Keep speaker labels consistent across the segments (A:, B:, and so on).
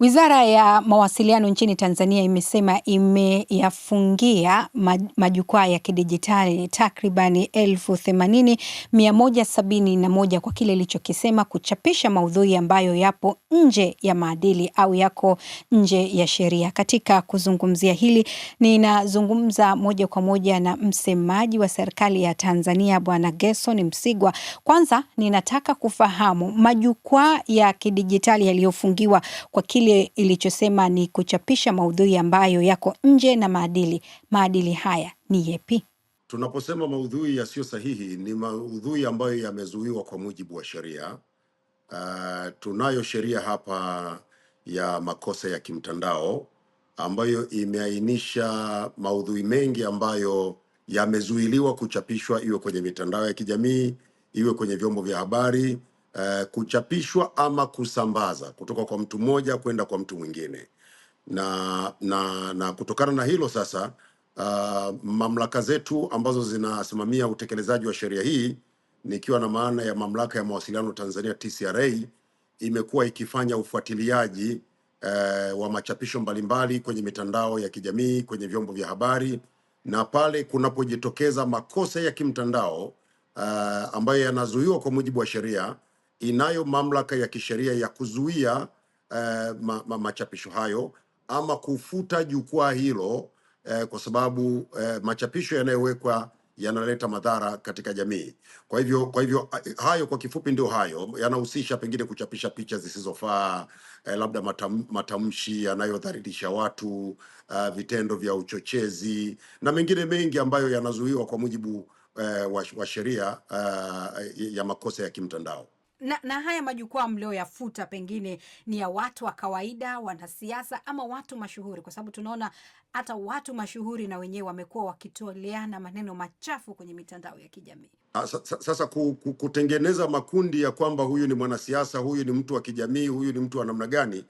A: Wizara ya Mawasiliano nchini Tanzania imesema imeyafungia majukwaa ya kidijitali takribani elfu themanini mia moja sabini na moja kwa kile ilichokisema kuchapisha maudhui ambayo yapo nje ya maadili au yako nje ya sheria. Katika kuzungumzia hili, ninazungumza moja kwa moja na msemaji wa serikali ya Tanzania Bwana Gerson Msigwa. Kwanza ninataka kufahamu majukwaa ya kidijitali yaliyofungiwa kwa kile kile ilichosema ni kuchapisha maudhui ambayo yako nje na maadili. Maadili haya ni yepi?
B: Tunaposema maudhui yasiyo sahihi, ni maudhui ambayo yamezuiwa kwa mujibu wa sheria. Uh, tunayo sheria hapa ya makosa ya kimtandao ambayo imeainisha maudhui mengi ambayo yamezuiliwa kuchapishwa, iwe kwenye mitandao ya kijamii, iwe kwenye vyombo vya habari eh, kuchapishwa ama kusambaza kutoka kwa mtu mmoja kwenda kwa mtu mwingine na, na, na kutokana na hilo sasa uh, mamlaka zetu ambazo zinasimamia utekelezaji wa sheria hii nikiwa na maana ya mamlaka ya mawasiliano Tanzania TCRA imekuwa ikifanya ufuatiliaji eh, wa machapisho mbalimbali kwenye mitandao ya kijamii, kwenye vyombo vya habari na pale kunapojitokeza makosa ya kimtandao eh, ambayo yanazuiwa kwa mujibu wa sheria inayo mamlaka ya kisheria ya kuzuia eh, ma, ma, machapisho hayo ama kufuta jukwaa hilo eh, kwa sababu eh, machapisho yanayowekwa yanaleta madhara katika jamii. Kwa hivyo kwa hivyo hayo kwa kifupi ndio hayo yanahusisha, pengine kuchapisha picha zisizofaa eh, labda matam, matamshi yanayodhalilisha watu eh, vitendo vya uchochezi na mengine mengi ambayo yanazuiwa kwa mujibu eh, wa, wa sheria eh, ya makosa ya kimtandao
A: na, na haya majukwaa mlioyafuta pengine ni ya watu wa kawaida, wanasiasa ama watu mashuhuri? Kwa sababu tunaona hata watu mashuhuri na wenyewe wamekuwa wakitoleana maneno machafu kwenye mitandao ya kijamii.
B: Ah, sasa kutengeneza makundi ya kwamba huyu ni mwanasiasa, huyu ni mtu wa kijamii, huyu ni mtu wa namna gani,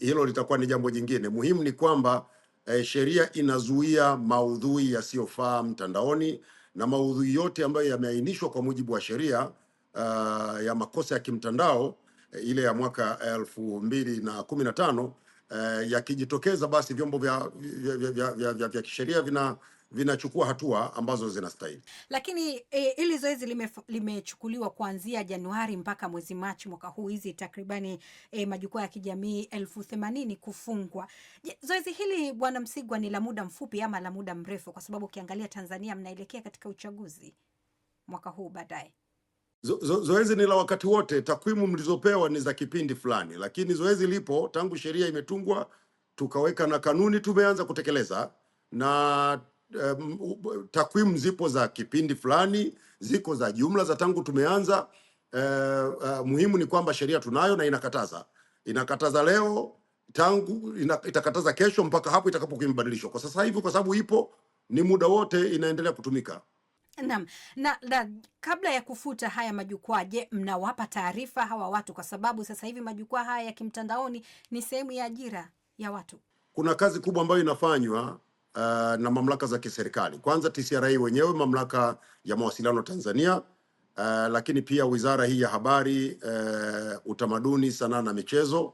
B: hilo litakuwa ni jambo jingine. Muhimu ni kwamba eh, sheria inazuia maudhui yasiyofaa mtandaoni na maudhui yote ambayo yameainishwa kwa mujibu wa sheria uh, ya makosa ya kimtandao eh, ile ya mwaka eh, elfu mbili na kumi na tano uh, yakijitokeza basi vyombo vya, vya, vya, vya, vya, vya, vya kisheria vina vinachukua hatua ambazo zinastahili.
A: Lakini e, ili zoezi limechukuliwa lime, kuanzia Januari mpaka mwezi Machi mwaka huu, hizi takribani e, majukwaa ya kijamii elfu themanini kufungwa. Zoezi hili Bwana Msigwa, ni la muda mfupi ama la muda mrefu? Kwa sababu ukiangalia Tanzania mnaelekea katika uchaguzi mwaka huu baadaye
B: zo, zoezi ni la wakati wote. Takwimu mlizopewa ni za kipindi fulani, lakini zoezi lipo tangu sheria imetungwa, tukaweka na kanuni, tumeanza kutekeleza na um, takwimu zipo za kipindi fulani, ziko za jumla za tangu tumeanza. Uh, uh, muhimu ni kwamba sheria tunayo na inakataza inakataza leo tangu ina, itakataza kesho mpaka hapo itakapokuwa imebadilishwa. Kwa sasa hivi, kwa sababu ipo, ni muda wote inaendelea kutumika.
A: Naam, na, na kabla ya kufuta haya majukwaa, je, mnawapa taarifa hawa watu? Kwa sababu sasa hivi majukwaa haya ya kimtandaoni ni sehemu ya ajira ya watu.
B: Kuna kazi kubwa ambayo inafanywa uh, na mamlaka za kiserikali, kwanza TCRA wenyewe, mamlaka ya mawasiliano Tanzania, uh, lakini pia wizara hii ya habari, uh, utamaduni, sanaa na michezo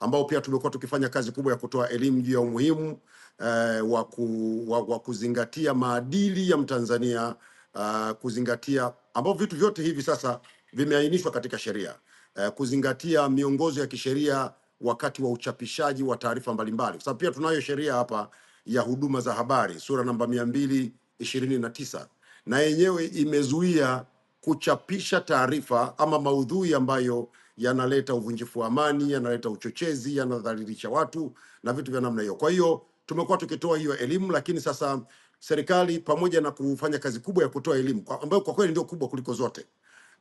B: ambao pia tumekuwa tukifanya kazi kubwa ya kutoa elimu juu ya umuhimu eh, wa, ku, wa, wa kuzingatia maadili ya Mtanzania uh, kuzingatia ambao vitu vyote hivi sasa vimeainishwa katika sheria uh, kuzingatia miongozo ya kisheria wakati wa uchapishaji wa taarifa mbalimbali, kwa sababu pia tunayo sheria hapa ya huduma za habari sura namba mia mbili ishirini na tisa na yenyewe imezuia kuchapisha taarifa ama maudhui ambayo yanaleta uvunjifu wa amani, yanaleta uchochezi, yanadhalilisha watu na vitu vya namna hiyo. Kwa hiyo tumekuwa tukitoa hiyo elimu, lakini sasa serikali pamoja na kufanya kazi kubwa ya kutoa elimu kwa, ambayo kwa kweli ndio kubwa kuliko zote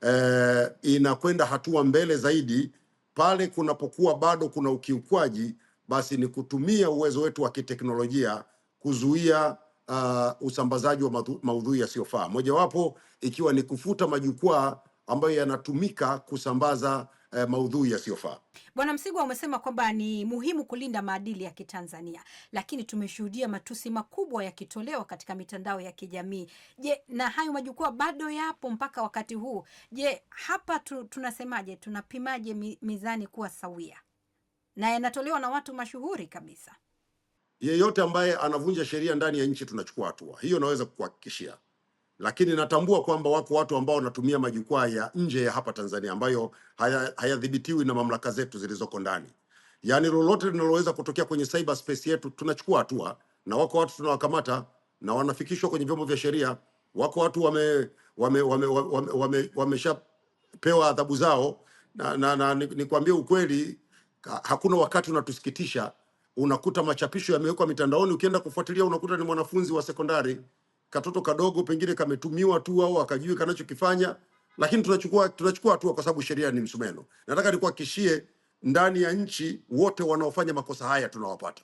B: e, inakwenda hatua mbele zaidi pale kunapokuwa bado kuna ukiukwaji, basi ni kutumia uwezo wetu wa kiteknolojia kuzuia uh, usambazaji wa maudhui yasiyofaa, mojawapo ikiwa ni kufuta majukwaa ambayo yanatumika kusambaza uh, maudhui yasiyofaa.
A: Bwana Msigwa, umesema kwamba ni muhimu kulinda maadili ya Kitanzania, lakini tumeshuhudia matusi makubwa yakitolewa katika mitandao ya kijamii. Je, na hayo majukwaa bado yapo mpaka wakati huu? Je, hapa tu, tunasemaje, tunapimaje mizani kuwa sawia na yanatolewa na watu mashuhuri kabisa?
B: Yeyote ambaye anavunja sheria ndani ya nchi tunachukua hatua hiyo, naweza kukuhakikishia lakini natambua kwamba wako watu ambao wanatumia majukwaa ya nje ya hapa Tanzania ambayo hayadhibitiwi haya na mamlaka zetu zilizoko ndani. Yaani, lolote linaloweza kutokea kwenye cyber space yetu tunachukua hatua, na wako watu tunawakamata na wanafikishwa kwenye vyombo vya sheria. Wako watu wame wameshapewa wame, wame, wame, wame adhabu zao na, na, na nikwambie ni ukweli, hakuna wakati unatusikitisha, unakuta machapisho yamewekwa mitandaoni, ukienda kufuatilia unakuta ni mwanafunzi wa sekondari katoto kadogo pengine kametumiwa tu au akajui kanachokifanya, lakini tunachukua tunachukua hatua kwa sababu sheria ni msumeno. Nataka nikuhakikishie, ndani ya nchi wote wanaofanya makosa haya tunawapata.